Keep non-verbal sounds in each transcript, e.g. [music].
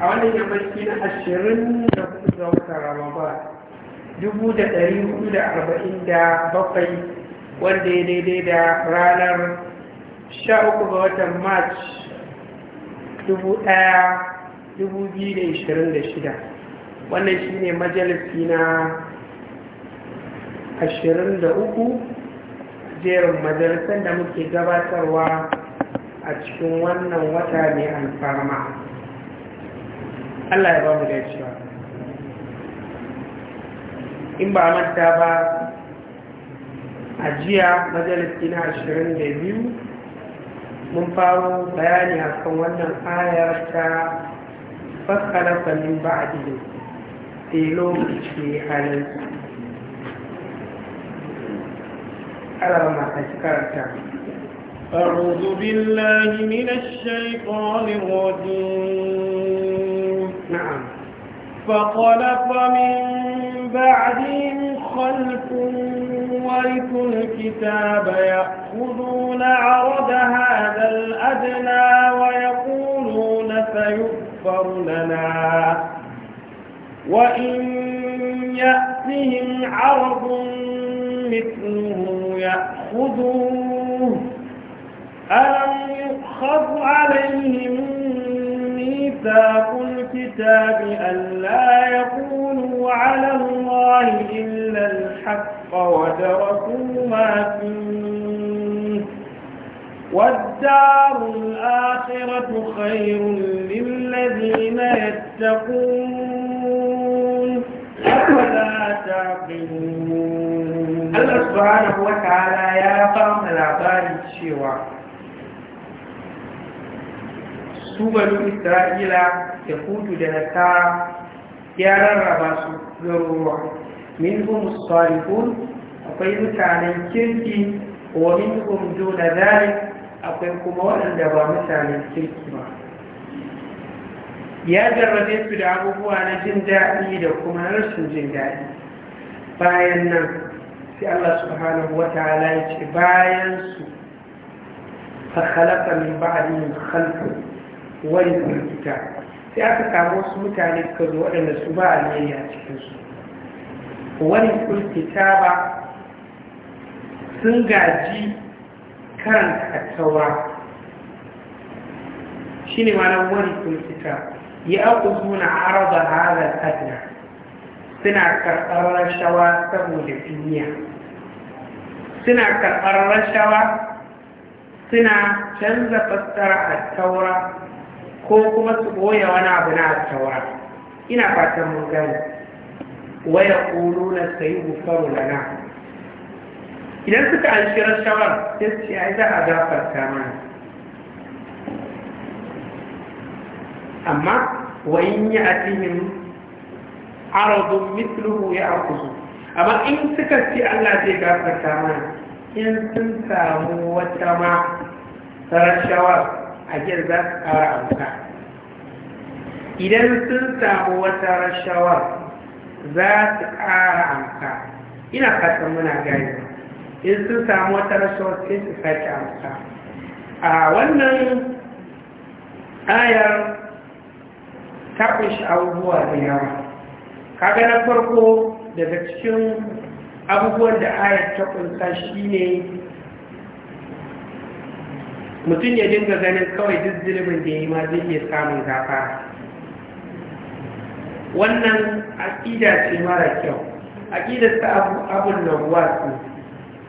a wannan yammaci na ashirin da kuma ga wata ramadan dubu da ɗari hudu da arba'in da bakwai wanda ya daidai da ranar sha uku ga watan march dubu ɗaya dubu biyu da ashirin da shida wannan shi ne majalisi na ashirin da uku jerin majalisar da muke gabatarwa a cikin wannan wata mai alfarma Allah ya ba mu dacewa in ba manta ba a jiya na ashirin da biyu mun faro bayani a kan wannan ayar ta fasalasa min ba'adi sai lokaci halin alamar masu karanta أعوذ بالله من الشيطان الرجيم نعم فخلف من بعدهم خلف ورثوا الكتاب يأخذون عرض هذا الأدنى ويقولون سيغفر لنا وإن يأتهم عرض مثله يأخذوه ألم يؤخذ عليهم ميثاق الكتاب ألا يقولوا على الله إلا الحق ودرسوا ما فيه والدار الآخرة خير للذين يتقون أفلا تعقلون الله سبحانه وتعالى يا قوم العباد الشيوعي su banu isra'ila yahudu da nasara ya rarraba su garuruwa min humus salihun akwai mutanen kirki wa min hum duna zalik akwai kuma waɗanda ba mutanen kirki ba ya jarrabe su da abubuwa na jin daɗi da kuma rashin jin daɗi bayan nan sai Allah subhanahu wa ta'ala ya ce bayan su fa khalaqa min ba'dihim khalqan wani kurkita sai aka samu wasu mutane suka zo waɗanda su ba a a cikinsu wani kurkita ba sun gaji karanta taura shi ne mana wani kurkita ya aku suna araba halar adna suna karɓar rashawa saboda duniya suna karɓar rashawa suna canza fassara a taura ko kuma su ɓoye wani abu na taura ina fatan mun gani waya ƙuru na sayi gufaru lana idan suka an shi rashawar sai su ce ai za a gafarta mana amma wa in yi atihim aradun mitluhu ya akusu amma in suka ce Allah zai gafarta mana in sun samu wata ma rashawar ajiyar za su ƙara amsa. idan sun samu wata rashawar za su ƙara amsa ina fatan muna gani in sun samu wata rashawar sai su sake amsa a wannan ayar ta kunshi abubuwa da yawa kaga na farko daga cikin abubuwan da ayar ta kunsa shine mutum ya dinga ganin kawai duk zunubin da ya yi ma zai iya samun gafa wannan aƙida ce mara kyau aƙidar ta abun ke ne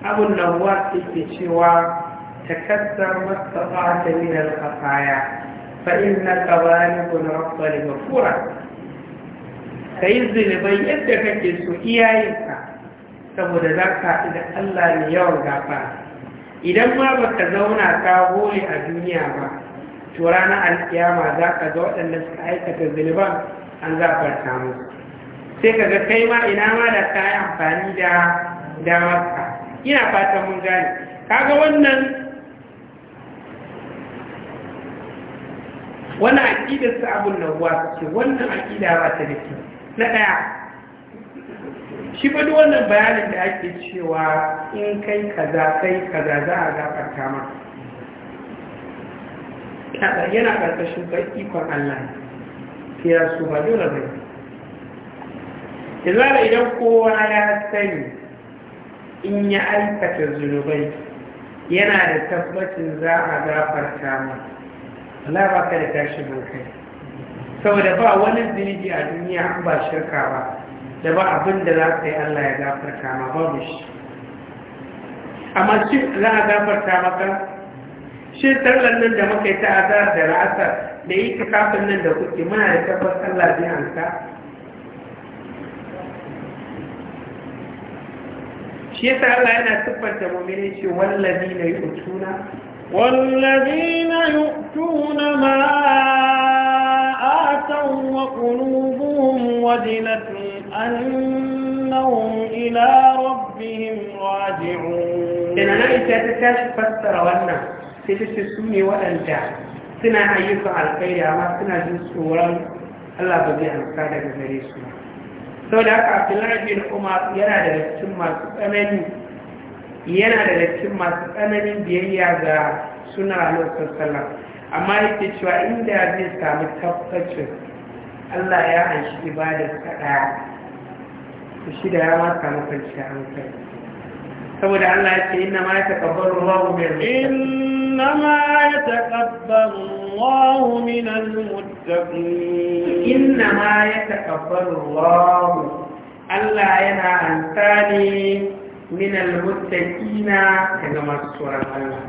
abun nahuwas ke cewa takassar mastafa ta min al-khataya na innaka balighu ga ghafura ka yi zunubai yadda kake so iyayenka saboda za ka haɗu da Allah ne yawan gafa idan ma ba ka zauna ka hore a duniya ba to ranar alkiyama za ka ga waɗanda suka aikata zunuban an zafar samu sai ka ga kai ma ina ma da ka yi amfani da damar ka. ina fatan mun gane kaga wannan wani aƙidar abin abun nan ce wannan akida ba ta da na ɗaya shi ba wannan bayanin da ake cewa in kai kaza kai kaza za a gafarta ma yana ƙarƙashin ikon Allah ya su ba dole bai izala idan kowa ya sani in ya aikata zunubai yana da tabbacin za a gafarta ma Allah ba ka da tashin hankali saboda ba wani zunubi a duniya an ba shirka ba da ba abin da za ka yi Allah ya gafarta ma babu shi amma shi za a gafarta maka shi tallan nan da muka yi ta azar da ra'asar da yi ta kafin nan da kuke muna da tabbas Allah zai hanka shi yasa Allah yana siffanta mu'minin shi wallazi na yi yu'tuna والذين يؤتون ما آتوا وقلوبهم وجلة أنهم إلى ربهم راجعون إن أنا إتاتكاش فسر وانا تجد سوني وأنت سنة أيضا على الخير أما سنة جنس الله بزي أن سادة جزيري سوداء عبد الله بن abdullahi bin umar yana da lakcin masu tsanani yana da lakcin masu tsananin biyayya ga suna lokacin amma yake cewa inda zai samu tabbacin Allah ya hanshi ibadar kaɗa to shi da ya ma shi an kai. saboda Allah ya ce inna ma ya taqabbalu Allahu min inna ma ya taqabbalu Allahu min al-muttaqin inna ma ya taqabbalu Allahu Allah yana antani min al-muttaqina daga masu tsoron Allah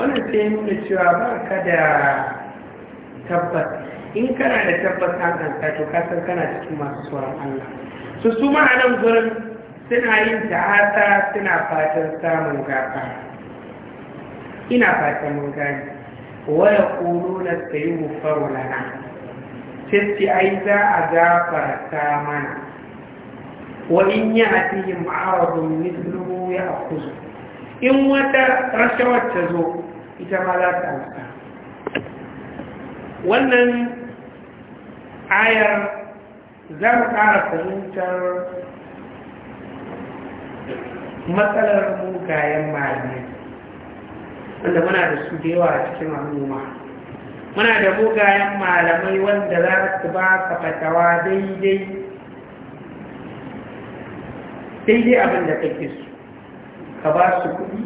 wannan sai nuna cewa ba ka da tabbas in kana da tabbas an ka to ka san kana cikin masu tsoron Allah su su nan gurin suna yin ta'ata suna fatan samun gafa ina fatan mun gani waya ƙoro na tsayi gufaru lana sai ai za a gafarta mana wa in yi a cikin ma'arabin mislu ya akuzu in wata rashawar ta zo ita ma za ta wannan ayar za mu ƙara fahimtar matsalar mugayen mali wanda muna da su da yawa a cikin al'umma muna da mugayen malamai wanda za su ba ka fatawa daidai daidai abin da kake su ka ba su kuɗi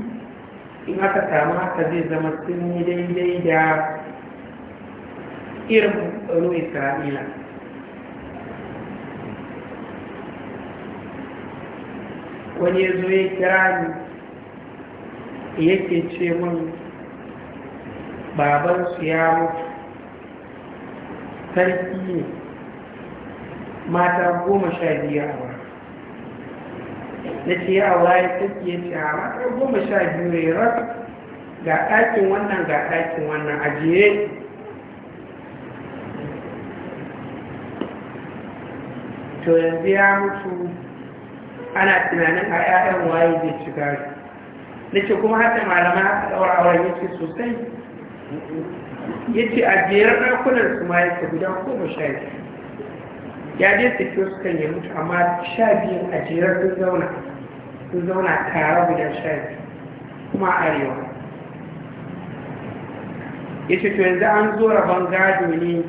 in aka samu haka zai zama sun yi daidai da irin ruwa isra'ila wani ya zo ya kira ni yake ce min babansu ya mutu sarki ne mata goma sha biyu a wa na ce ya wa ya sarki ya ce a mata goma sha biyu ne rak ga ɗakin wannan ga ɗakin wannan ajiye to yanzu ya mutu ana tunanin a 'ya'yan waye zai ci gari na ce kuma haka malama a ɗaura auren yake sosai ya ce a jerar ɗakunan su ma ce guda goma sha biyu ya je tafiyo su kan ya mutu amma sha biyun a jerar sun zauna sun zauna tare guda sha biyu kuma arewa ya ce to yanzu an zo rabon gado ne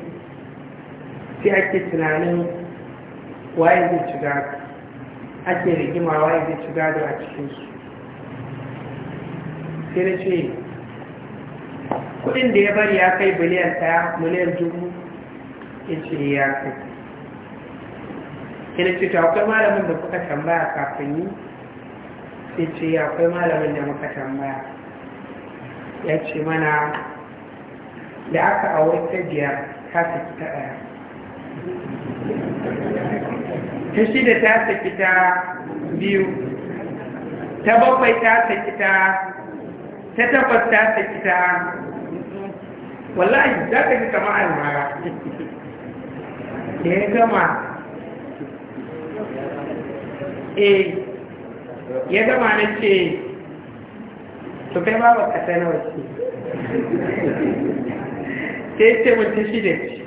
sai ake tunanin waye zai ci gari. ake rigima waye zai ci gado a cikinsu sai na ce kudin da ya bari ya kai biliyan ɗaya miliyan dubu ya ce ya kai sai na ce ta akwai malamin da kuka tambaya kafin yi sai ce akwai malamin da muka tambaya ya ce mana da aka aure ta biyar ta saki ta ɗaya ta shida ta saki ta biyu ta bakwai ta saki ta ta tabbas ta saki ta wallahi za ka ji kama almara da ya gama eh ya gama na ce to kai ba ba ka na wasu sai ce mutum shida ce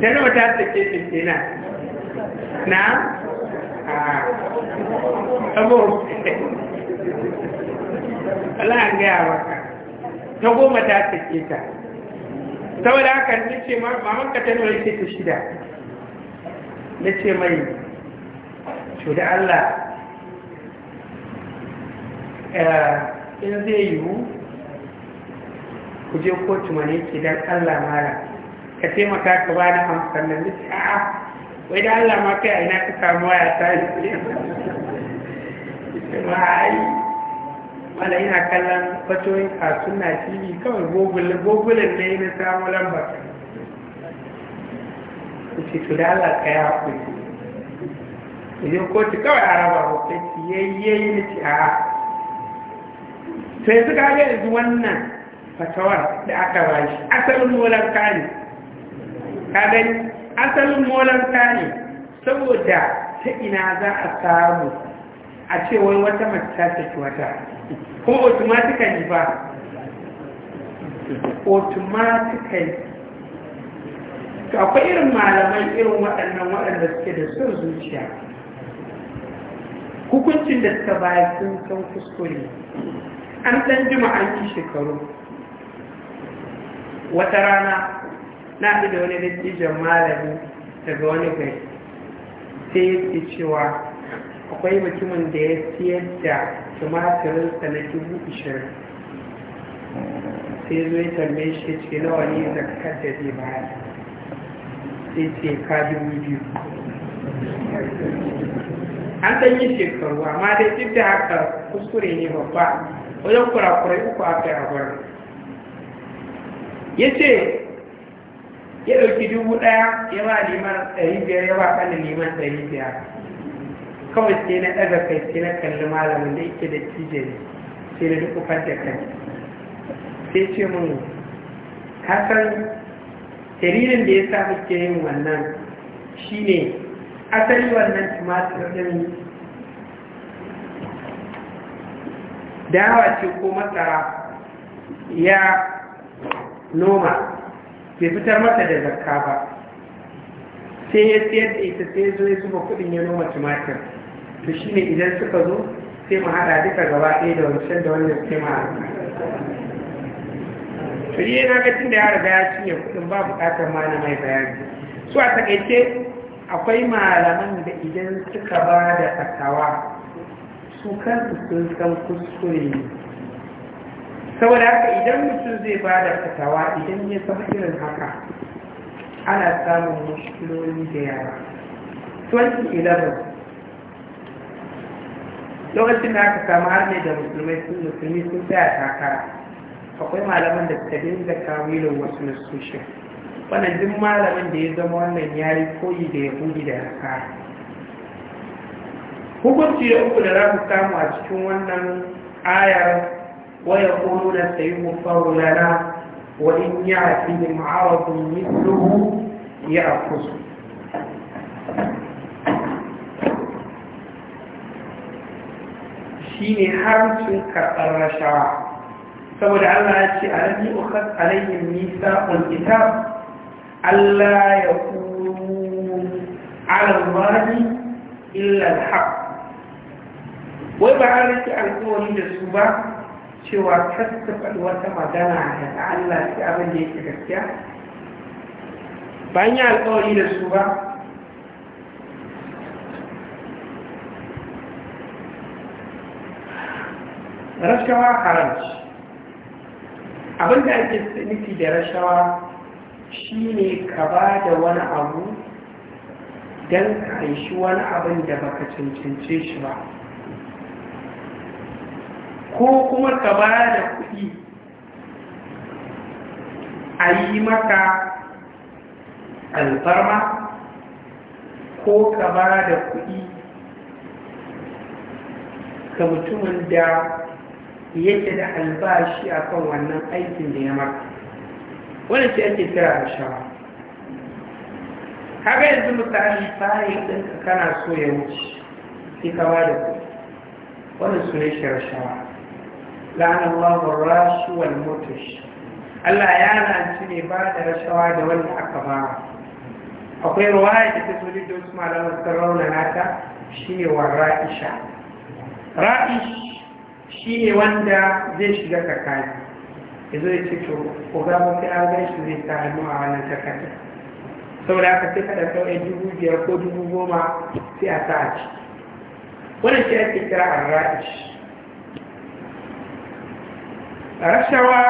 da nawa ta sake shi kenan na a ah. abubuwa Allah an gaya maka ta goma ta ta ke ta saboda haka ni ce ma, maman ka ta nawa ce ta shida na ce mai "Shu da Allah eh, in zai yiwu ku je kotu mane ke don Allah mara ka taimaka ka ba na hamsin nan da a'a wai da Allah ma kai a ina ka samu waya ta yi [laughs] ba ai wala ina kallon fatoyin kasu na tv kawai gogulin ne na samu lambar ku ce to da Allah ka yi haƙuri idan kotu kawai a raba hukunci yayi yayi na ce a sai suka ga yanzu wannan fatawar da aka ba shi asalin molar kani ka gani asalin molanta ne saboda ta ina za a samu a ce wai wata mata ta saki wata kuma automatically ba automatically to akwai irin malamai irin waɗannan waɗanda suke da son zuciya hukuncin da suka bayan sun san kuskure an ɗan jima an yi shekaru wata rana na bi da wani dattijan malami daga wani gari sai ya ce cewa akwai mutumin da ya siyar da tumatirinsa na dubu ishirin sai zo ya tambaye shi ce nawa ne zakar da zai bayar sai ce ka dubu biyu an san yi shekaru amma dai duk da haka kuskure ne babba wajen kurakurai uku aka yi a ya ce ya ɗauki dubu ɗaya ya ba liman ɗari biyar ya ba kan liman ɗari biyar kawai sai na ɗaga kai sai na kalli malamin da yake da tije sai na ufar da kai sai ce mun ka san dalilin da ya sa muke yin wannan shine asali wannan tumatir ɗin dawa ce ko masara ya noma bai fitar mata da zakka ba sai ya siyar da ita sai zo ya zuba kuɗin ya noma tumatir to shi ne idan suka zo sai mu haɗa duka gaba ɗaya da wancan da wannan sai mu to yi na ga tunda ya riga ya cinye kuɗin ba buƙatar ma na mai bayani su a taƙaice akwai malaman da idan suka ba da tsakawa su su sun san kuskure ne saboda haka idan mutum zai ba da fatawa idan ya san irin haka ana samun mushkiloli da yawa 2011 lokacin da aka samu har da musulmai sun musulmi sun tsaya takara akwai malaman da ta dinga kawilin wasu nasoshin wannan jin malamin da ya zama wannan yari koyi da ya kudi da kara. hukunci ya uku da za ku samu a cikin wannan ayar ويقولون سيغفر لنا وإن يأتهم عرض مثله يأخذه shine haramcin karɓar rashawa saboda Allah ya ce a rabi ukhas alayhim misaqul kitab Allah ya kuru ala Allahi illa al-haq wai ba an rike alƙawari da su ba cewa kar ta wata magana da Allah abin da yake gaskiya ba yi alƙawari da su ba rashawa haramci abin da ake nufi da rashawa shine ka ba da wani abu don ka aishi wani abin da baka cancance shi ba ko kuma ka ba da kuɗi a yi maka alfarma ko ka ba da kuɗi ga mutumin da yake da albashi a kan wannan aikin da ya maka Wani ce ake kira a shawa haka yanzu misali bayan ɗinka kana so ya wuce sai ka ba da kuɗi Wani su ne shi rashawa la'an Allah rashu wal mutush Allah ya lanci ne ba da rashawa da wanda aka ba akwai ruwaya da ta zuri da wasu malaman sarrauna nata shine wa ra'isha ra'ish shine wanda zai shiga tsakani ya zo ya ce to ko ga mafi agan shi zai sa hannu a wannan takarda saboda aka ce ka ɗauka ɗaya dubu biyar ko dubu goma sai a sa a ciki wannan shi ake kira a ra'ish rashawa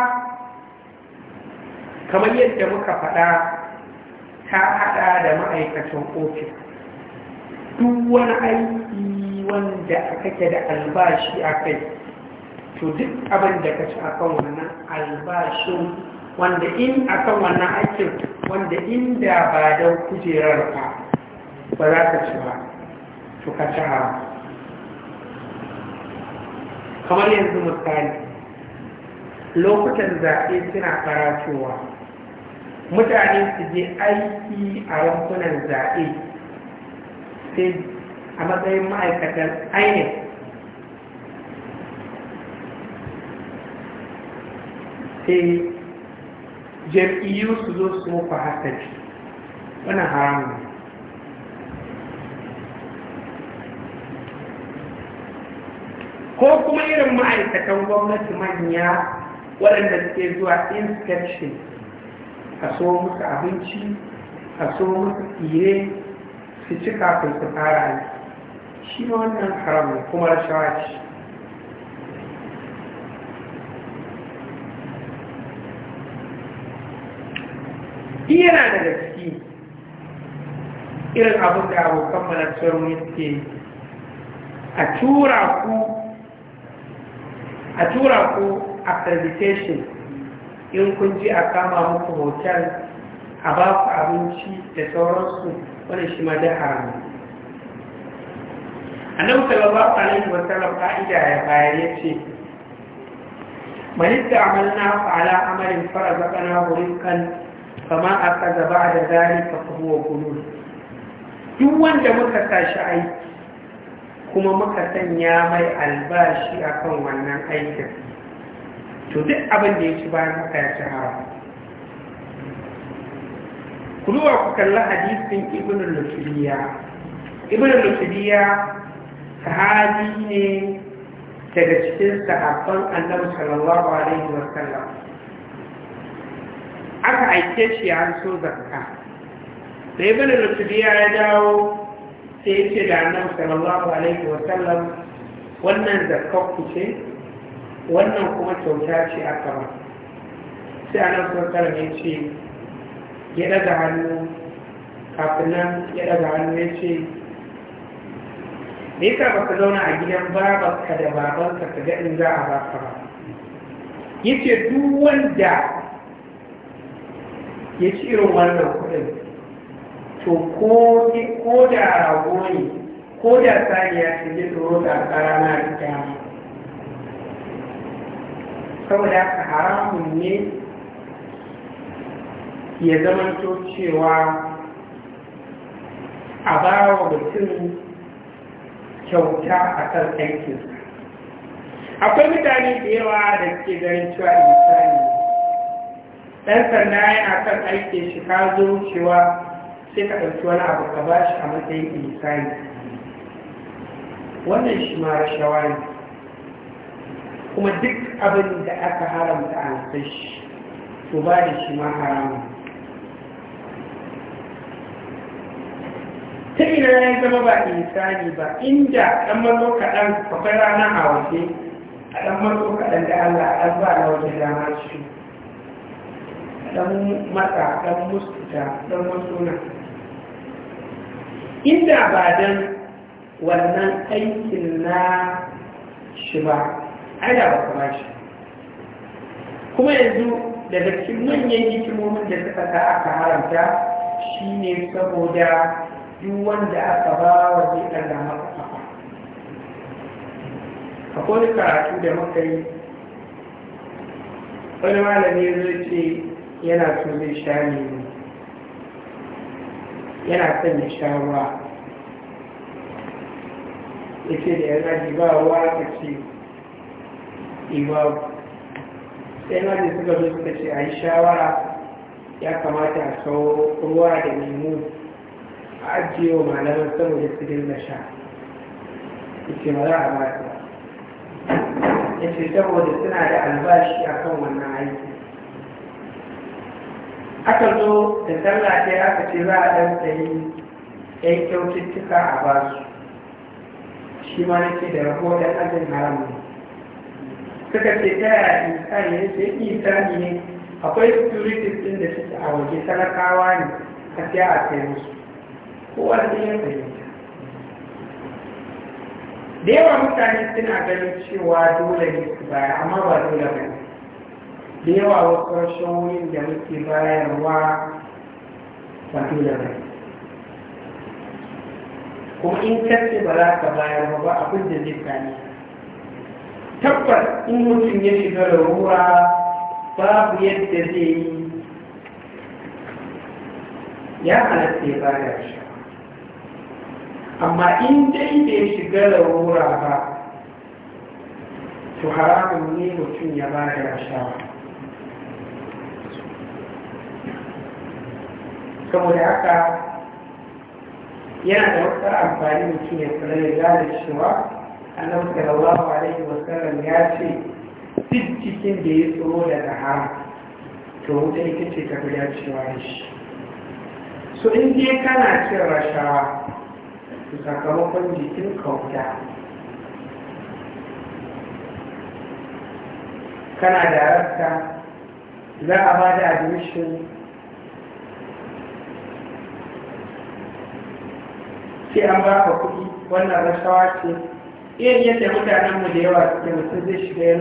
kamar yadda muka faɗa ta haɗa da ma'aikacin ofis duk wani aiki wanda kake da albashi a kai to duk abin da ka ci a kan wannan albashin wanda in a kan wannan aikin wanda inda ba don kujerar ba ba za ka ci ba to ka ci kamar yanzu misali lokutan zaɓe suna karatowa mutane su je aiki a rumfunan zaɓe sai a matsayin ma'aikatan inec sai jam'iyyu su zo su muku hasashi wani haramun ko kuma irin ma'aikatan gwamnati manya waɗanda suke zuwa inspection a so musu abinci a so musu tsire su ci kafin su fara ne, shi ne wannan haram ne kuma rashawa ce shi yana da gaske irin abin da abokan manasar suke a tura ku accreditation in kun ji a kama muku hotel a ba ku abinci da sauransu wani shi ma da haramu annabi sallallahu a wa sallam ka'ida ya bayar ya ce man ista'malna ala amalin farazaqana rizqan fama da ba'da ka kuma wa gudu. duk wanda muka tashi aiki kuma muka sanya mai albashi akan wannan aikin to duk abin da ya ci bayan haka ya ci haram kuluwa ku kalla hadisin ibn al-lufiya ibn al-lufiya sahabi ne daga cikin sahabban annabi sallallahu alaihi wa sallam aka aike shi an so zakka da ibn al-lufiya ya dawo sai ya ce da annabi sallallahu alaihi wa sallam wannan zakkar ku ce wannan kuma kyauta ce a kama sai anan sarkar ya ce ya daga hannu kafin nan ya daga hannu ya ce da yasa ba ka zauna a gidan babanka da babanka ka ga in za a baka ba ya ce duk wanda ya ci irin wannan kuɗin to ko da rago ne ko da saniya ce ya tsoro da tsara na ita saboda haka haramun ne ya zamanto cewa a ba wa mutum kyauta a kan aikinsa akwai mutane da yawa da ke ganin cewa misali ɗan sanda yana kan aikin shi ka zo cewa sai ka ɗauki wani abu ka ba shi a matsayin misali wannan shi ma rashawa ne kuma duk abin da aka haramta a shi to ba da shi ma haramun ta ina ya zama ba insani ba inda ɗan mazo kaɗan kwakwai rana a waje a ɗan mazo kaɗan da allah a ɗan ba na waje dama shi ɗan matsa ɗan muskuta ɗan masuna inda ba don wannan aikin na shi ba ai da ba kuma shi kuma yanzu daga cikin manyan hikimomin da suka sa aka haramta shine saboda duk wanda aka ba wa zai ɗaga masa kafa akwai karatu da muka yi wani malami zai ce yana so zai sha ne yana son ya sha ruwa ya ce da ya zaji ba ruwa ta ce imamu sai na da suka zo suka ce a yi shawara ya kamata a kawo ruwa da lemu a ajiye wa malaman saboda su dinga sha ce ma za a ba ta ya ce saboda suna da albashi a kan wannan aiki aka zo da sallah sai aka ce za a ɗan sayi ɗan kyaututtuka a basu shi ma nake da rahoton ajin haramun suka ce ta yaya insani ne sai insani ne akwai securities din da suke a waje talakawa ne a siya a sai musu wani sai ya fahimta da yawa mutane suna ganin cewa dole ne su baya amma ba dole ba ne da yawa wasu rashin wurin da muke bayarwa ba dole ba ne kuma in kasce ba za ka bayar ba abin da zai ba. tabbas in mutum ya shiga larura babu yadda zai yi ya halatta ya bada shi amma in dai bai shiga larura ba to haramun ne mutum ya bada rashawa saboda haka yana da wata amfani mutum ya kula da cewa annabi sallallahu alaihi wasallam ya ce duk cikin da ya tsoro daga ha to wuta ita ce ta fi dacewa shi so in je kana cin rashawa to sakamakon jikin kauta kana da rasta za a ba da admission sai an ba ka kuɗi wannan rashawa ce irin yadda mutanenmu da yawa suke mutum zai shiga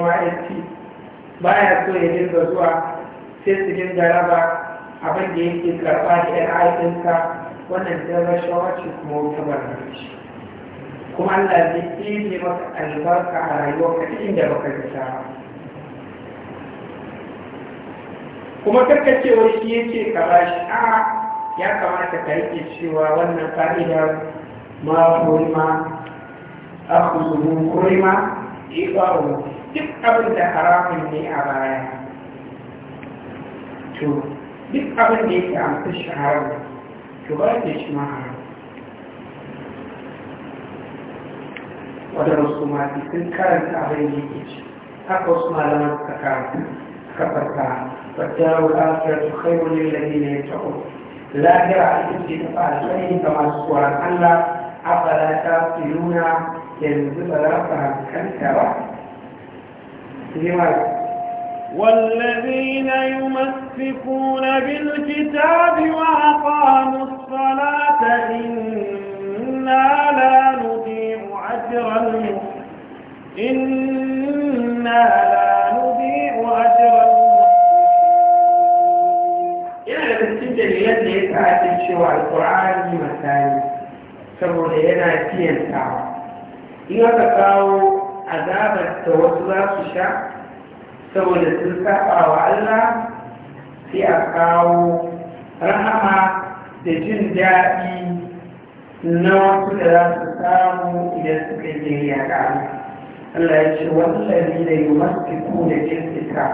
ba ya so ya dinga zuwa sai su dinga raba abin da yake karɓa da yan aikinsa wannan da rashawa ce kuma wuta barna shi kuma Allah zai ɗebe maka albarka a rayuwarka ta inda baka fita ba kuma karka cewa shi yake ka bashi a ya kamata ka rike cewa wannan ka'idar ma ma أخذه كرم إقاره duk abin da haramun ne a baya to duk abin da yake amsa shi haram to ba da shi ma haram wadda wasu mafi sun karanta abin da yake ci haka wasu malaman suka karanta suka farka wadda wadatar su kai wani lalina ya ta'o lahira a cikin da ba a tsayin ga masu tsoron allah afala ta filuna yanzu ba za ku والذين يمسكون بالكتاب وأقاموا الصلاة إنا لا نضيع أجر إنا لا نضيع أجر المحسنين. يعني من الدليل التي تعرف القرآن مثاني saboda yana tiyantawa in aka kawo azabar da wasu za su sha saboda sun saba wa Allah sai a kawo rahama da jin daɗi na wasu da za su samu idan suka yi yaƙa Allah ya ce wallahi da yi masu da jirgika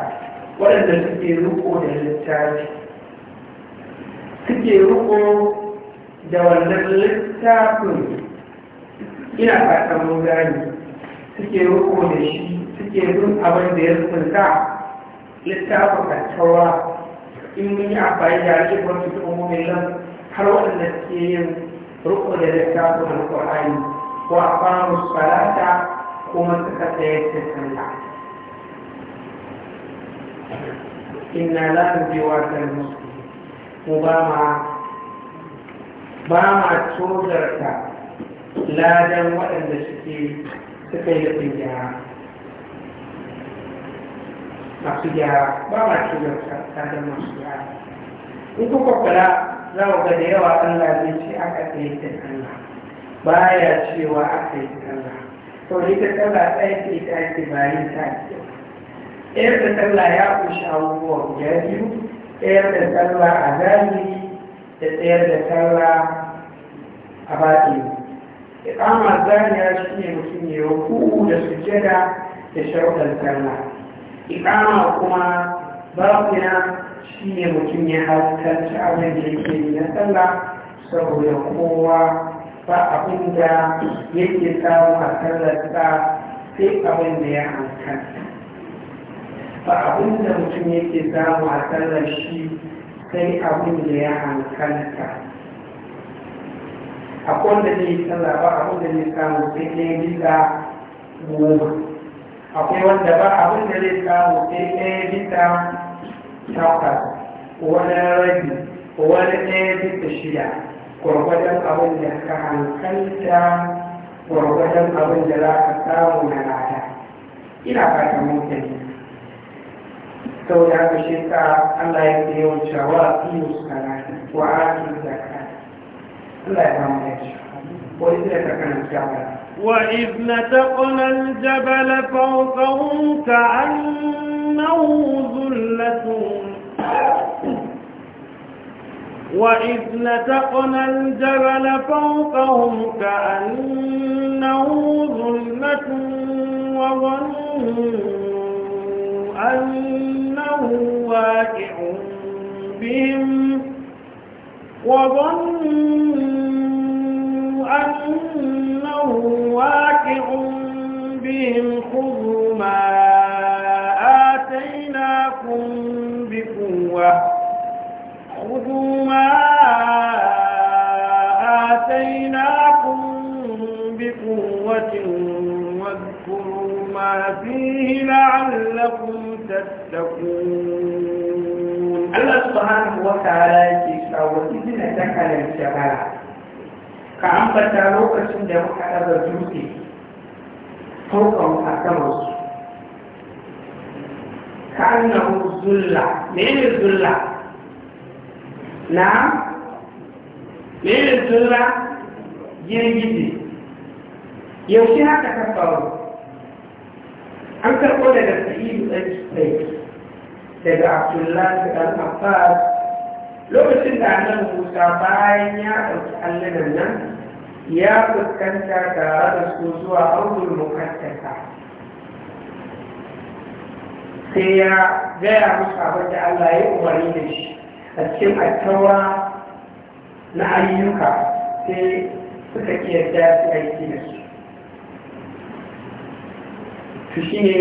waɗanda suke riko da littafi suke riko da wannan littafin ina fatan mun gani suke riko da shi suke zun abin da ya tsinka littafin kattawa in mun yi amfani da rikin wani tukumomin nan har waɗanda suke yin riko da littafin alƙur'ani ko a famu salata kuma suka tsayar da sallah inna la ta musu, mu ba ma ba ma tozarta ladan waɗanda suke suka yi rufin gyara masu gyara ba ma tozarta ladan masu gyara in kuka kula za ku ga da yawa Allah zai ce aka tsaye da Allah baya cewa aka yi Allah to ni ta sallah ɗaya ke ta ce bayan ta ke. ɗayar da sallah ya ƙunshi abubuwan guda ɗaya ɗayar da sallah a zahiri da tsayar da talla a kama zariya shi shine mutum ya ruku da sujjada da sharuɗan talla ikama kuma shi shine mutum ya halarci abin da yake yi na tsalla saboda kowa ba abin da yake samu a ta sai abin da ya hankali ba abin da mutum yake samu a tsallar shi sai abin da ya hankalta a wanda zai sallah ba abin da zai samu sai ɗaya bisa goma akwai wanda ba abin da zai samu sai ɗaya bisa takwas wani rabi wani ɗaya bisa shida gwargwadon abin da ka hankalta gwargwadon abin da za ka samu na lada ina fata mutane saboda haka shi ka Allah ya ce yawan cewa fiye sana wa ake zaka Allah ya samu da shi wani zai ka kana cewa وإذ نتقنا الجبل فوقهم كأنه ذلة وإذ نتقنا الجبل فوقهم كأنه ظلمة وظنوا أنه واقع بهم وظنوا أنه واقع بهم خذوا ما آتيناكم بقوة خذوا ما آتيناكم بقوة فيه لعلكم تتقون الله سبحانه وتعالى يكيسا وإذن دخل الجبال كأنبتا لوكة دمك أبا جوتي فوق أكمل كأنه ذلة من الذلة نعم من الذلة جنجدي yaushe haka ta faru an karɓo daga sa'idu ɗan kisai daga abdullahi ɗan abbas lokacin da annan musa bayan ya ɗauki allunan nan ya fuskanta tare da su zuwa aure mukaddasa sai ya gaya musu abin da Allah ya umarni da shi a cikin attawa na ayyuka sai suka ƙi da su aiki da su to shi ne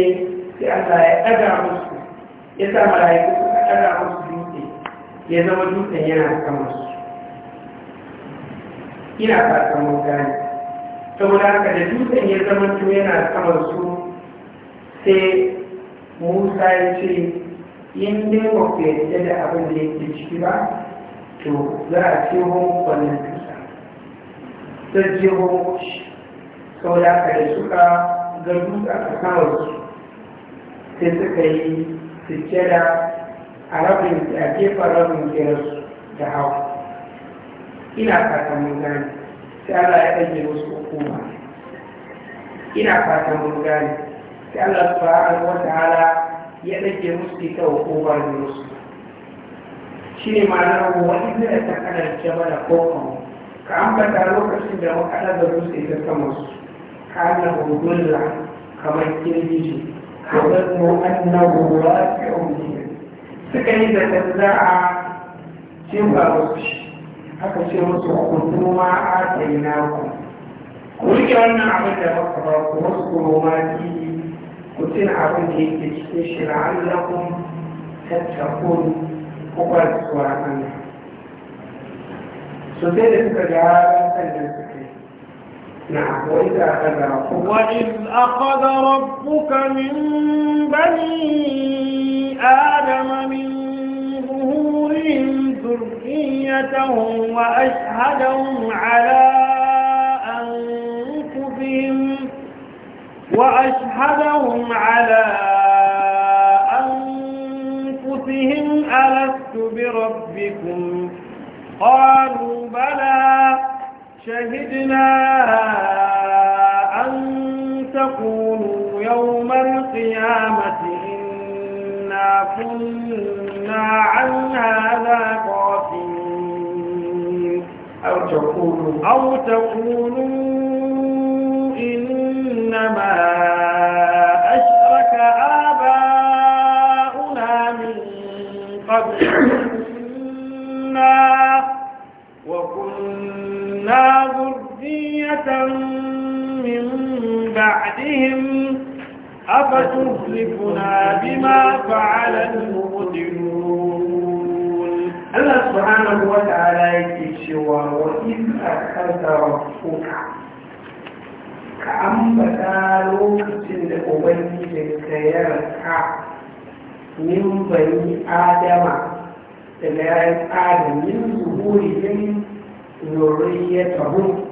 sai Allah ya ɗaga musu ya sa mala'iku suka ɗaga musu dutse ya zama dutsen yana kama su ina fatan mun gane saboda haka da dutsen ya zama to yana kama su sai Musa ya ce in dai ba ku da abin da yake ciki ba to za a ce hon kwanan kasa zai je hon shi saboda haka da suka garin da aka kawo su sai suka yi sujjada a rabin a gefen rabin su da hau ina fata mun gane sai Allah ya ɗage wasu hukuma ina fata mun gane sai Allah a wata hala ya ɗage musu ita hukuma da musu shi ne ma'anar wani zai ta kanar jama'a ko ka ambata lokacin da muka ɗaga musu ita sama su كانه ضلع كما الترمذي وظنوا انه واسع بهم سكن تتبع cewa aka ce musu hukuntu ma a tsaina ku ku rike wannan abin da maka ba ku wasu kuroma ku tuna abin da yake cikin shi tattakun da suka ga نعم وإذا أخذ ربك وإذ أخذ ربك من بني آدم من ظهورهم ذريتهم وأشهدهم على أنفسهم وأشهدهم على أنفسهم ألست بربكم قالوا بلى شهدنا أن تقولوا يوم القيامة إنا كنا عن هذا غافلين أو تقولوا إنما أشرك آباؤنا من قبل وأورثنا ذرية من بعدهم أفتهلكنا بما فعل المبطلون الله سبحانه وتعالى يكشوى وإذ أخذ ربك كأنبتا لوكتن أبنجك يركع من بني آدم daga yayin adam yin zuhuri yin ذريتهم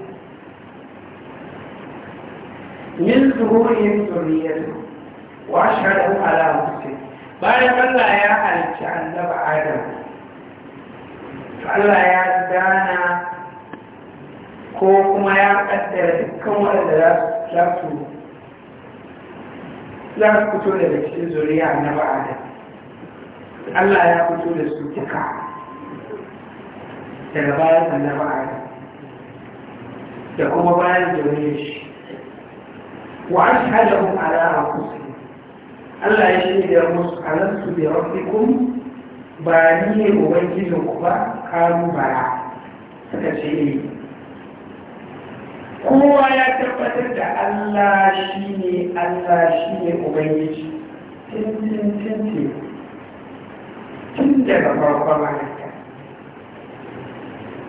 من ظهورهم ذريتهم واشهد على مسلم bayan Allah ya halicci annaba Adam Allah ya dana ko kuma ya kaddara dukkan waɗanda za su za su fito daga cikin zuriya annaba Adam Allah ya fito da su duka daga bayan a adam da kuma bayan jami'in shi wa an hada mu ala kusa Allah ya shi da musu alansu bi kun ba ni ne ubangijin ku ba karu bara suka ce ne. Eh. kowa ya tabbatar da Allah shi ne Allah shi ne ubangiji tun tun tun tun daga farkon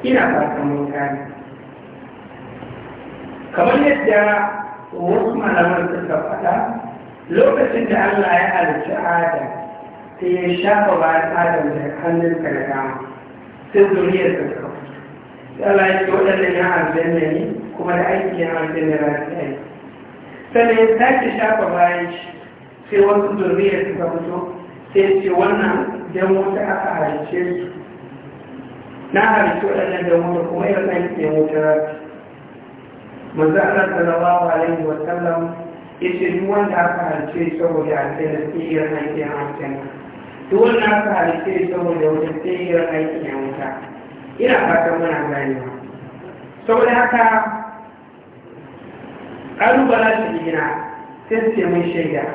ina fatan mun gane kamar yadda wasu malaman suka faɗa lokacin da Allah ya halarci Adam ta yi shafa ba Adam da ka da dama sai zuriyar ta kafa sai Allah ya ce waɗanda ya aljanna ne kuma da aiki ya aljanna da su yi sannan ya sake shafa bayan shi sai wasu zuriyar suka fito sai ce wannan dan wata aka halicce su na halittu waɗannan da wuta kuma yin aikin wuta manzo Allah sallallahu alaihi wa sallam yace duk wanda aka halice saboda aljanna sai yin aikin aljanna duk wanda aka halice saboda wata sai yin aikin wuta ina fatan muna ba. saboda haka ƙalubala shi gina sai ce mun shaida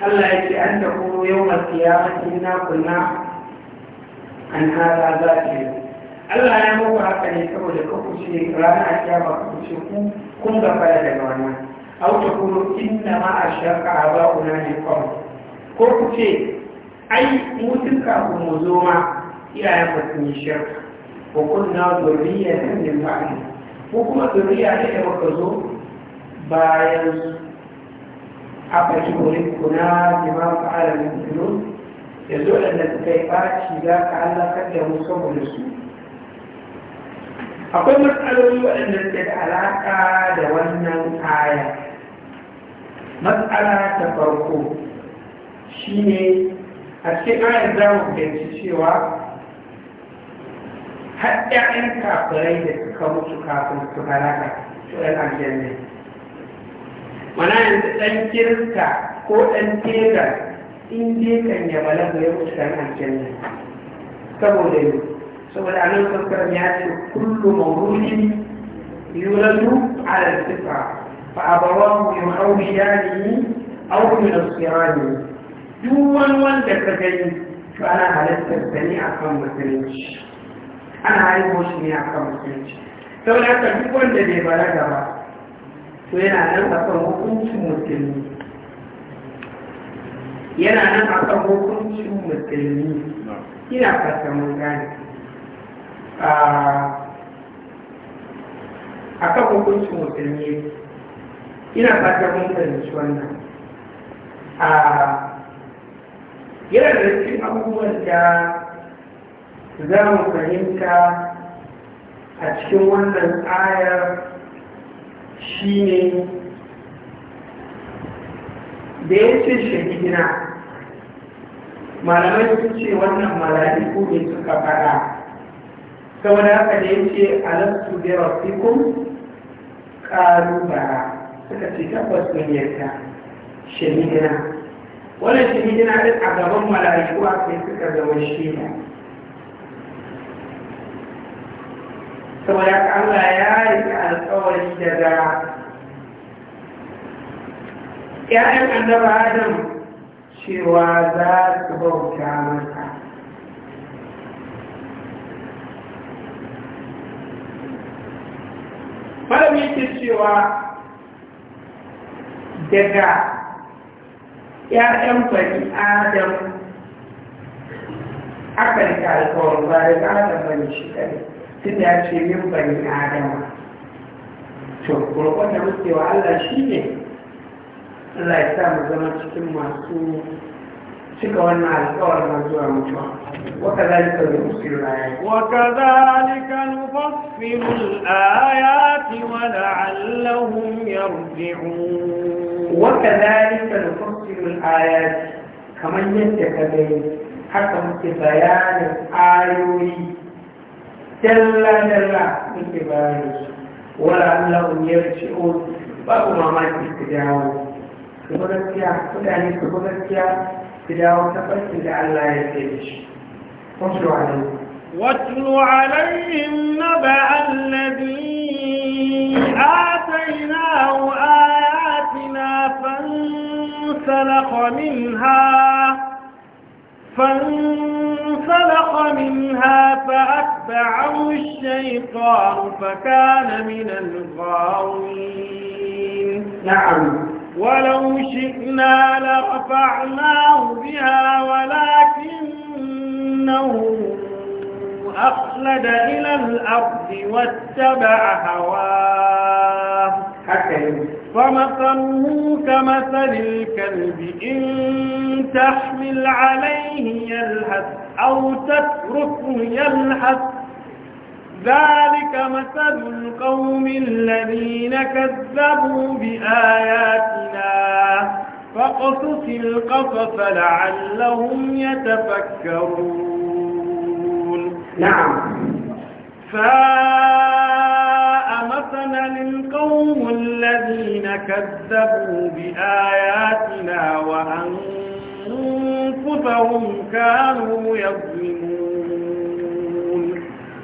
Allah ya ce an da kuma yau masu yawon ina kunna an hada za ta yi Allah ya muku haka ne saboda ka shi ne rana kiyama ku ce ku kun gafara daga wannan aw ta kulu inna ma ashaka aba'una ne kawai ko ku ce ai mutum ku mu zo ma iyayen mu sun yi shirka ko kunna zuriya ta ba ne. ko kuma zuriya ne da ka zo bayan a baki wurin kuna jima fa'ala min ya zo da suka yi ɓaci za ka halakar da mu saboda su akwai matsaloli waɗanda suke da alaƙa da wannan aya matsala ta farko ne a cikin ayar za mu fahimci cewa har 'ya'yan kafirai da suka mutu kafin su halaka su ɗan aljanna mana yanzu ɗan kirista ko ɗan tegar in dai kan ya da ya mutu ɗan aljanna saboda yau saboda a lokacin ya ce kullum mawulin yulatu ala al-fitra fa abawahu yuhawiyani aw yunsirani duk wani wanda ka gani to ana halittar da a kan musulunci ana haihuwa shi ne a kan musulunci saboda haka duk wanda bai balaga gaba, to yana nan a akan hukuncin musulmi yana nan a akan hukuncin musulmi ina fata mun gane a kan hukuncin musulmi ina fata mun fahimci wannan a yana da cikin abubuwan da za mu fahimta a cikin wannan ayar shi ne da ya ce shahidina malamai sun ce wannan mala'iku ne suka fara saboda haka da ya ce alastu bi rabbikum qalu ba suka ce tabbas mun yarda wani wannan shahidina din a gaban mala'iku a kai suka zama shaida saboda ka Allah ya yi alƙawari daga ‘ya'yan annaba Adam cewa za su bauta masa malami yake cewa daga ‘ya'yan bani adam aka yi alkawar ba da da bane shi kare su da ce min bani adam to kurkun da Allah shi ne Allah ya sa mu zama cikin masu وكذلك نفصل الآيات ولعلهم يرجعون وكذلك نفصل الآيات كما يتكلم حتى بيان الآيوي جل جل بيان ولعلهم يرجعون بأمامات mamaki su dawo su إذا وثقت tafarkin يكذبش واتلو ya واتلو واتل عليهم نبأ الذي آتيناه آياتنا فانسلخ منها فانسلخ منها فأتبعه الشيطان فكان من الغاوين نعم ولو شئنا لرفعناه بها ولكنه أخلد إلى الأرض واتبع هواه فمثله كمثل الكلب إن تحمل عليه يلهث أو تتركه يلهث ذلك مثل القوم الذين كذبوا بآياتنا فاقصص القصص لعلهم يتفكرون نعم ساء مثلا القوم الذين كذبوا بآياتنا وأنفسهم كانوا يظلمون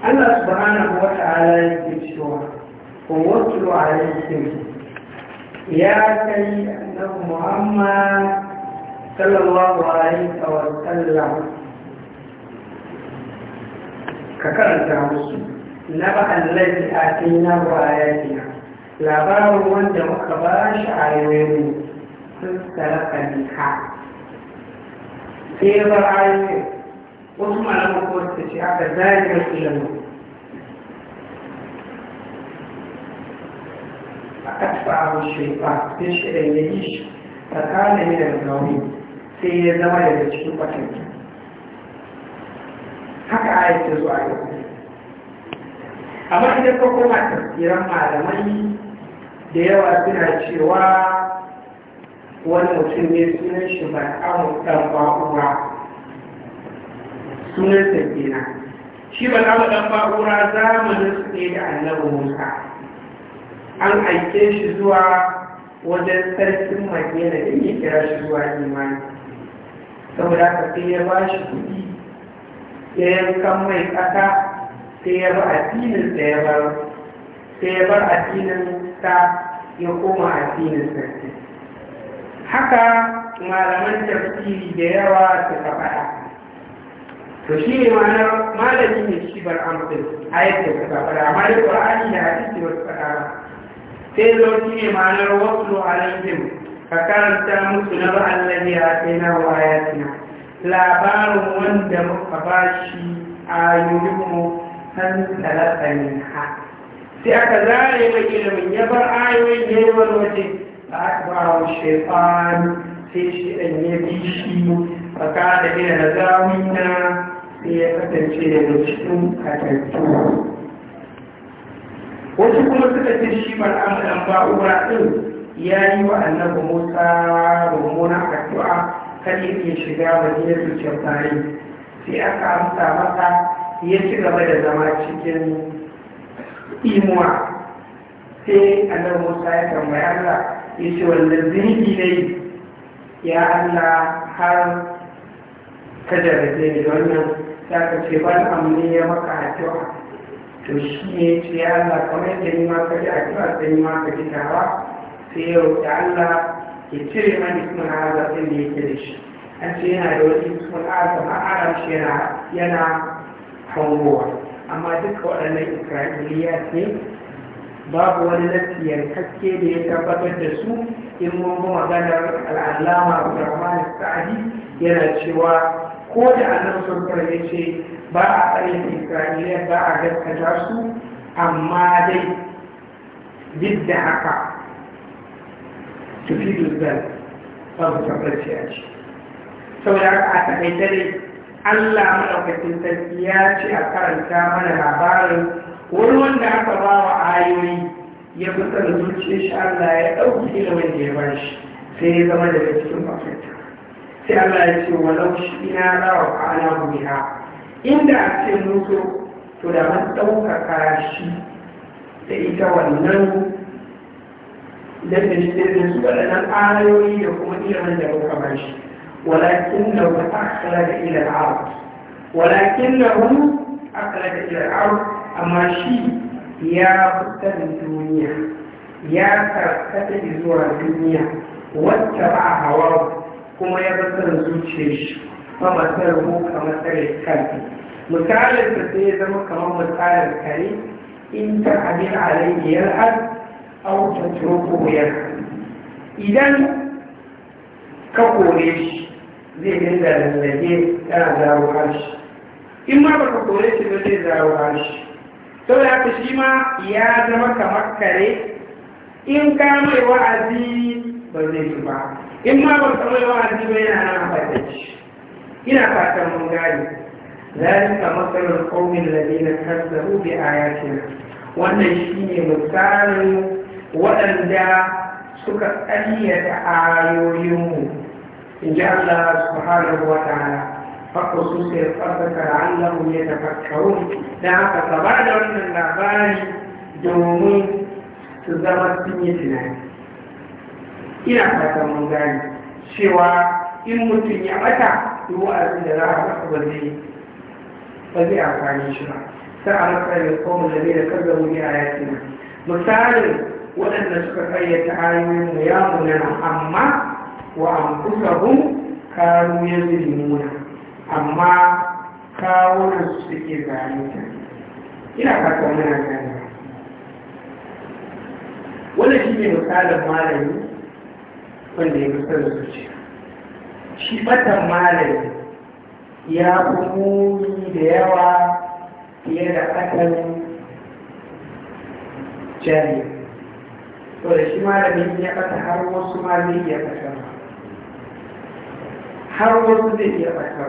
أنا سبحانه وتعالى يكتشون ووصلوا عليكم يا سيد محمد صلى الله عليه وسلم ككرت عمسه نبأ الذي آتينا وآياتنا لا بارو من دمك باش عيوني تلقى بك في عيوني wasu malaman kuma suka ce haka zalikar ilimin الشيطان تشعر إليه فكان sai ya في daga cikin وكذا haka yi ta zuwa yau amma idan ka koma tafsiran malamai da yawa suna cewa wani mutum ne sunan shi ba amu dan ba. sunansa kenan shi ba za mu ɗan ba'ura zamanin su ne da annabin musa an aike shi zuwa wajen sarkin madina da ya kira shi zuwa imani saboda ka sai ya ba shi kuɗi ya yankan mai ƙasa sai ya ba addinin ta ya bar sai ya bar addinin sa ya koma addinin sarki haka malaman tafsiri da yawa suka faɗa to shi ne ma'ana malami ne shi bar amfin a da suka fara amma da qur'ani da hadisi ba su fara sai zo shi ne ma'anar wasu alaihim ka karanta musu na ba'allabi a na waya ayatina labarin wanda muka ba shi a yurimu san talatsanin ha sai aka zare mai ilimin ya bar ayoyin ya yi wani waje ba a ba shaitan sai shi ɗan ya bi shi fakada na da zawina sai ya kasance daga cikin katattu wasu kuma suka ce shi mal'amuran ba'ura ɗin ya yi wa annabi musa mummunan addu'a kan ya shiga madinatul jabari sai aka amsa masa ya ci gaba da zama cikin imuwa sai annabi musa ya tambaya Allah ya ce wannan zirgi ne ya Allah har ka jarabe ni wannan za ka ce ban amini ya maka addu'a to shi ne ce ya Allah kamar da ni ma ka ji addu'a da ni ma ka ji tawa sai yau da Allah ke cire mani kuma na ɗin da yake da shi an ce yana da wani kuma azam a aram shi yana hangowa amma duka waɗannan isra'iliya ce, babu wani lafi yankakke da ya tabbatar da su in mun bi maganar al'allama abdurrahman sa'adi yana cewa ko da annan sun ya ce ba a tsarin isra'iliya ba a gaskata su amma dai duk da haka ba su tabbaci a ce saboda haka a taƙaita dai allah maɗaukacin sarki ya ce a karanta mana labarin wani wanda aka ba wa ayoyi ya fi tsara zuciyar shi allah ya ɗauki ilimin da ya ba shi sai ya zama daga cikin mafita sai Allah ya ce walau shi ina rawa ana biha inda a ce mutu to da mun ɗaukaka shi da ita wannan dan da shi da nan waɗannan ayoyi da kuma ilimin da muka ba shi walakin da ba akala da ila al'ar walakin da hu akala da ila al'ar amma shi ya fitar duniya ya karkata zuwa duniya wacce ba hawa kuma ya basar zuciyar shi kuma ta rubu kamar tsare kanta misalin da sai ya zama kamar misalin kare in ta amin amir alayhi yal'ad aw tatruku yal'ad idan ka kore shi zai dinga lallage yana zaro harshe in ma baka kore shi ba zai zaro harshe saboda haka shi ma ya zama kamar kare in ka mai wa'azi ba zai fi ba in ma ban samu wa a ba yana nan a ina fatan mun gane ذلك مثل القوم الذين كذبوا بآياتنا wannan shine misalin waɗanda suka ƙaryata ayoyinmu in ji Allah subhanahu wa ta'ala faƙo su sai farfaka la'allahu ya tafakkaru da haka ka ba da wannan labari domin su zama sun tunani ina fatan mun gani cewa in mutum ya bata duk cikin da za a masa ba zai ba zai amfani shi ba sai a rasa yin kawai da zai da kaza wuri a yaki na misalin waɗanda suka ta ayoyin mu ya munana amma wa ya zai muna amma kawunan su suke ta, ina fatan muna gani wannan shi ne misalin malami wanda ya kusa da zuciya shi batan malami ya fi muni da yawa fiye da asalin jari to da shi malamin ya bata har wasu ma zai iya bata har wasu zai iya bata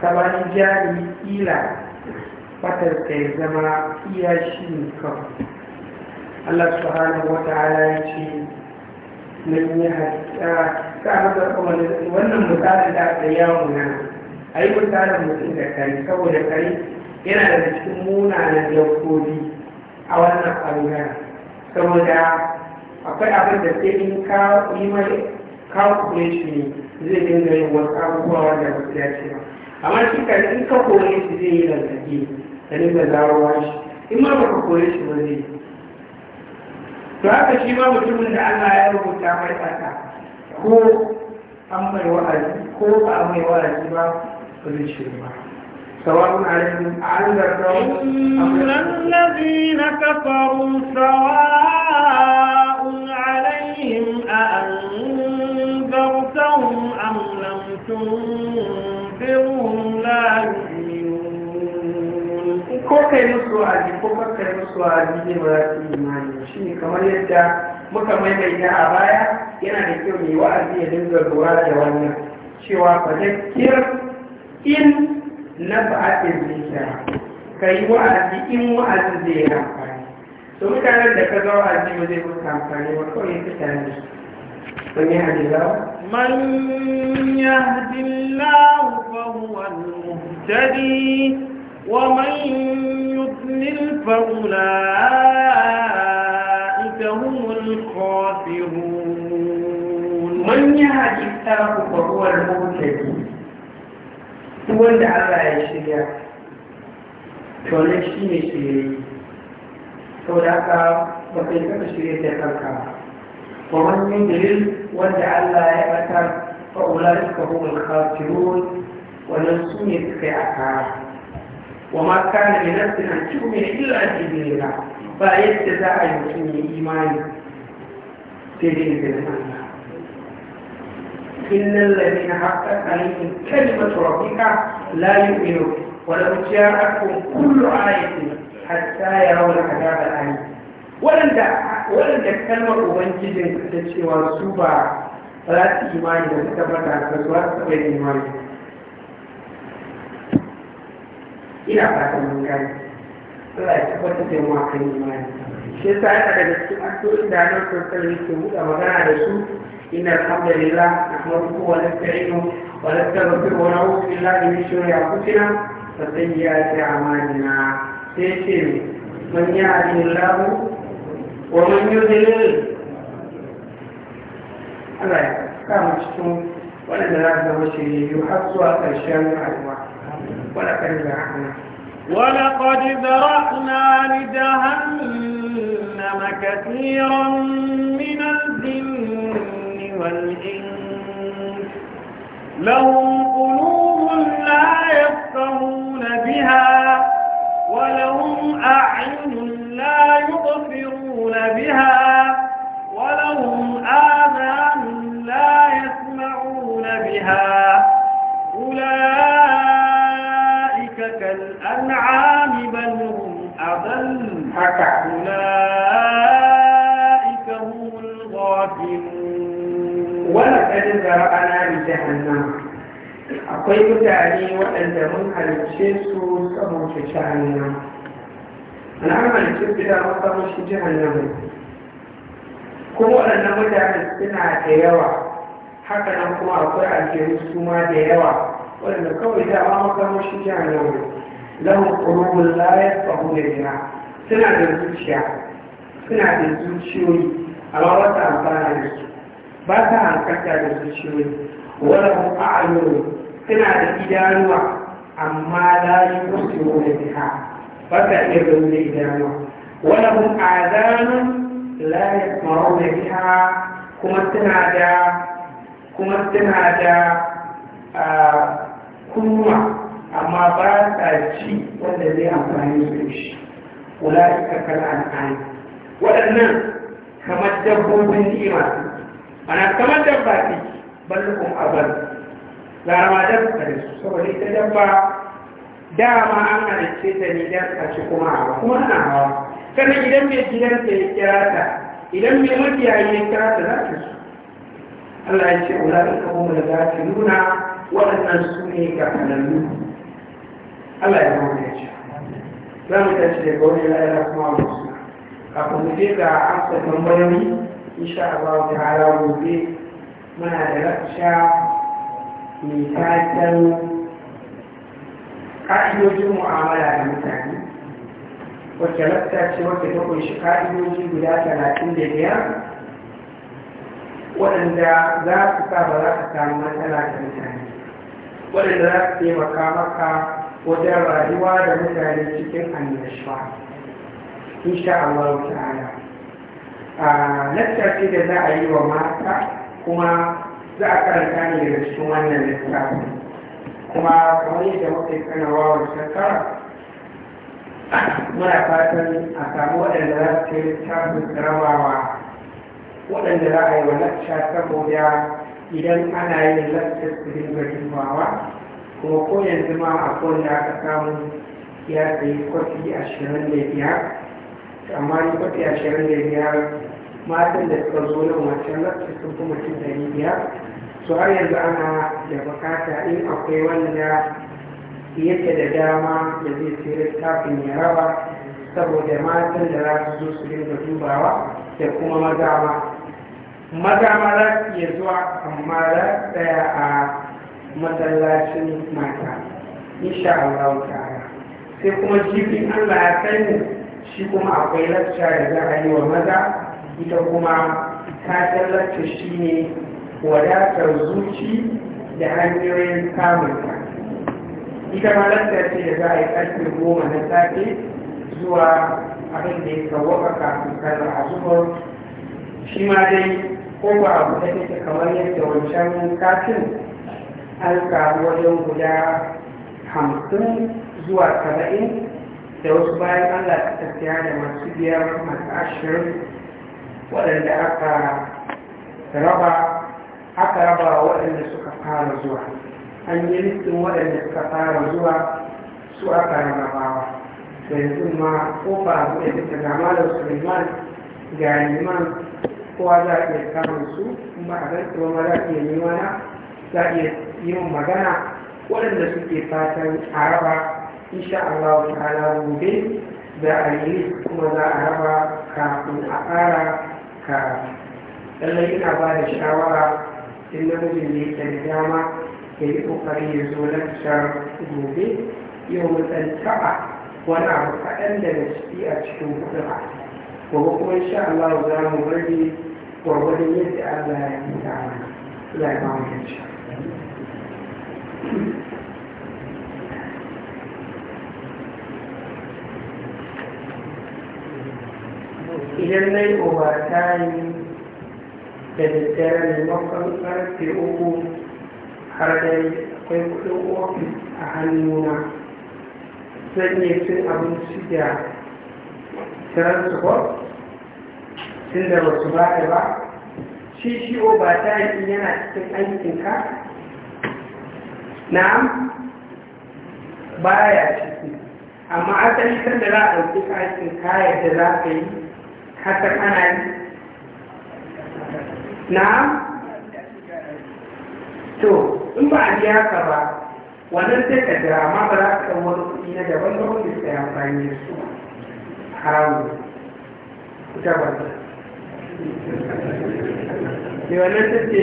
sabanin jari ila fatar ta ya zama iya shi ne kawai Allah subhanahu wa ta'ala ya ce mun yi hatta sa masa wani wannan misalin da aka yi yawon na a yi misalin mutum da kare saboda kare yana da cikin munanan yankobi a wannan ɓangaren saboda akwai abin da sai in ka yi mai kawo shi ne zai dinga yin wasu abubuwa wanda ba su dace ba amma shi kare in ka kore shi zai yi lantarki da dinga zarowa shi in ma ba ka kore shi ba zai yi. to haka shi ma mutumin da Allah ya rubuta mai tsaka ko an mai wa'azi ko ba a mai wa'azi ba ba zai shiru ba سواء عليهم أعلمتهم إن الذين كفروا سواء عليهم ka yi musu wa'azi ko kar ka yi musu wa'azi ne ba za su imani shi ne kamar yadda muka maimaita a baya yana da kyau mai wa'azi ya dinga lura da wannan cewa fa in na ba'atin zikira ka yi wa'azi in wa'azi zai yi amfani to mutanen da ka zo wa'azi ba zai mutu amfani ba kawai fita ne من يهد الله من يهد الله فهو المهتدي ومن يضلل فأولئك هم الخاسرون من يهد الله فهو المهتدي هو الله يشريع تولد شيء شيء تولد bakai kada shirye da kanka wa man yudlil wanda Allah ya batar fa ulai hukun humul sune suka yi kara. Wa ma sa na daga na sanar da na ci gumi da iri aji ne za a yi tunanin imanin da ya daga na san Allah? In nan laminan haɗarin in ta jimatorofi ka, Lami Oyo, wana wujarar don kullum Aisha, a cika yara wani ƙasa baɗa ne, waɗanda kalmar uban kicin cewa su ba faɗa su yi mage ba su taɓa tasuwa su taɓa yin ina fatan mun gani Allah ya tabbata da yawa kan imani shi Sai ya daga cikin aktocin da nan sun sani yake buɗe magana da su ina alhamdulillah na kuma rukun wani ta'inu wani tsaron duk wani hukun illa da mishi ya kucina ta ya ce a majina sai ce man ya ajin lahu wa man yi Allah ya kama cikin wannan da za ta zama shi yi yi har zuwa ƙarshen rayuwa. ولقد ذرأنا ولقد ذرأنا لجهنم كثيرا من الجن والإنس لهم قلوب لا يفقهون بها ولهم أعين لا يبصرون بها ولهم آذان لا يسمعون بها أولئك كالأنعام بل هم أضل أولئك هم الغافلون ولقد ذرأنا لجهنم akwai mutane waɗanda mun halicce su saboda hannu. na halicce su da mun samu shi jahannama kuma waɗanda mutane suna da yawa haka nan kuma akwai aljihu su ma da yawa waɗanda kawai da shi makamashi jihar yau lahun ƙurubun layar fahu da jina suna da zuciya suna da zuciyoyi amma ba ta amfana da su ba ta hankarta da zuciyoyi walahu a'yun suna da idanuwa amma la yusiru da biha ba ta iya gani da idanuwa walahu azanun la yasmaru da biha kuma suna da kuma suna da kunwa amma ba sa ci wanda zai amfani da shi kula ita kala al'ani waɗannan kamar dabbobin nima ana kamar dabba ce ballukun abar zarama dabba da su saboda ita dabba dama an halicce ta ne don a ci kuma hawa kuma ana hawa kada idan mai gidansa ya kira ta idan mai makiyayi ya kira ta za ta su Allah ya ce da za ta nuna. waɗannan su ne ga kanannu Allah ya zama ya ce za mu tashi daga wani la'ira kuma mu ba. kafin mu ga amsa tambayoyi insha Allah ta hala gobe muna da raksha mai taken ka'idojin mu'amala da mutane wacce lakta ce wacce ta kunshi ka'idoji guda talatin da biyar waɗanda za su sa ba za su samu matsala da mutane waɗanda za su taimaka maka wajen rayuwa da mutane cikin annashuwa insha Allah ta'ala a lakta ce da za a yi wa mata kuma za a karanta ne daga cikin wannan littafin kuma kamar yadda muka yi sanarwa wa shekara muna fatan a samu waɗanda za su kai littafin rabawa waɗanda za a yi wa lakta saboda idan ana yin lantar su dinga dubawa kuma ko yanzu ma a da aka samu ya tsaye kwafi ashirin da biyar amma yi kwafi ashirin da biyar matan da suka zo nan wancan lantar sun fi mutum ɗari biyar su har yanzu ana da bukata in akwai wanda yake da dama da zai sayi littafin ya raba saboda matan da za su zo su dinga dubawa da kuma maza ma maza ma za su iya zuwa amma za tsaya a masallacin mata insha Allah ta'ala sai kuma jifin Allah ya sani shi kuma akwai lacca da za a yi wa maza ita kuma ta lacca shi ne wadatar zuci da hanyoyin samunta ita ma lacca ce da za a yi ƙarfe goma na safe zuwa abin da ya sauwaka kafin a zubar shi ma dai Kuma ba abu da take kamar yadda wancan katin an wajen guda hamsin zuwa saba'in da wasu bayan allah ta tafiya da masu biyar masu ashirin waɗanda aka raba aka raba waɗanda suka fara zuwa an yi listin waɗanda suka fara zuwa su aka rarrabawa da yanzu ma kofa abu da take gama da suleiman ga liman kowa za a iya samun su kuma a gan kuma za a iya nema za a iya yin magana waɗanda suke fatan a raba insha Allah ta'ala gobe za a yi kuma za a raba kafin a fara ka lallai ina ba da shawara in namijin ne yake da dama ya yi ƙoƙari ya zo gobe yau mutan taɓa wani abu kaɗan da na ciki a cikin kuɗin gobe kuma insha Allah za mu bari gwargwadon yadda Allah ya yi ta mana Allah ya ba kyanci idan na yi overtime da daddare maimakon karfe uku har dai akwai kudin ofis a hannuna zan iya cin abinci da shirar su ko tun da wasu ba da ba shi shi o ba ta yi yana cikin aikinka Na. Ba ya ciki amma asali kan da za a ɗauki aikin kayan da za ka yi haka ana yi na'am to in ba a biya ka ba wannan sai ka jira amma ba za ka ɗan wani kuɗi na daban da wanda suka ya amfani su ba haramu ita ba ta ne wannan ta ce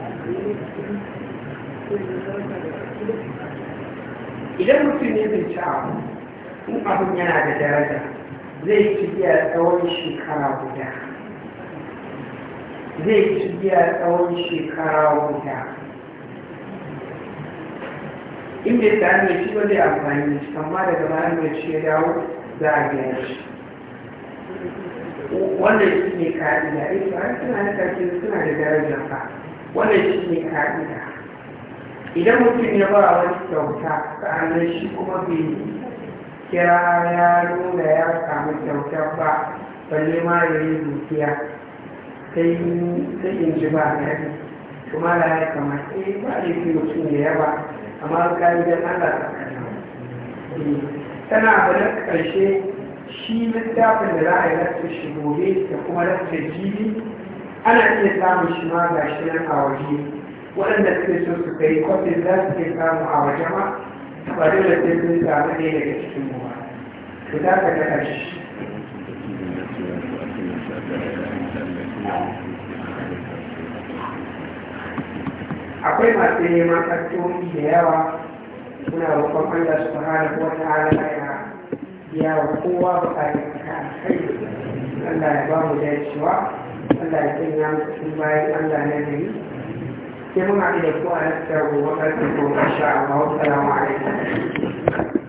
Thank you. idan mutum ne mai abu in abin yana da daraja zai ci biya tsawon shekara guda zai ci biya tsawon shekara guda in da sami ya ci ba zai amfani da shi amma daga bayan mai ci ya dawo za a biya shi wannan shi ne ka'ida eh, ita an suna da suna da darajar ba. wannan shi ne ka'ida idan mutum ya ba wani kyauta ta hannun shi kuma bai kira ya nuna ya samu kyauta ba balle ma ya yi dukiya sai in ji ba na yi kuma da ya kamata sai eh, ba a yi mutum ya yawa amma ka yi don Allah ta kana tana abu na ƙarshe shi littafin da za a yi lantar shi gobe da kuma lantar jibi ana iya samun shi ma ga shi na a waje waɗanda suke so su kai kwatin za su ke samu a wajen ma ba dole sai sun samu ɗaya daga cikin mu ba to za ka ga ƙarshe akwai masu neman ƙarfi da yawa muna roƙon Allah subhanahu wa ta'ala ya ya wa kowa bukatun ka kai Allah ya ba mu dacewa Allah ya sanya mu cikin bayan Allah na gari sai muna da ku a yau wata ko insha Allah assalamu alaikum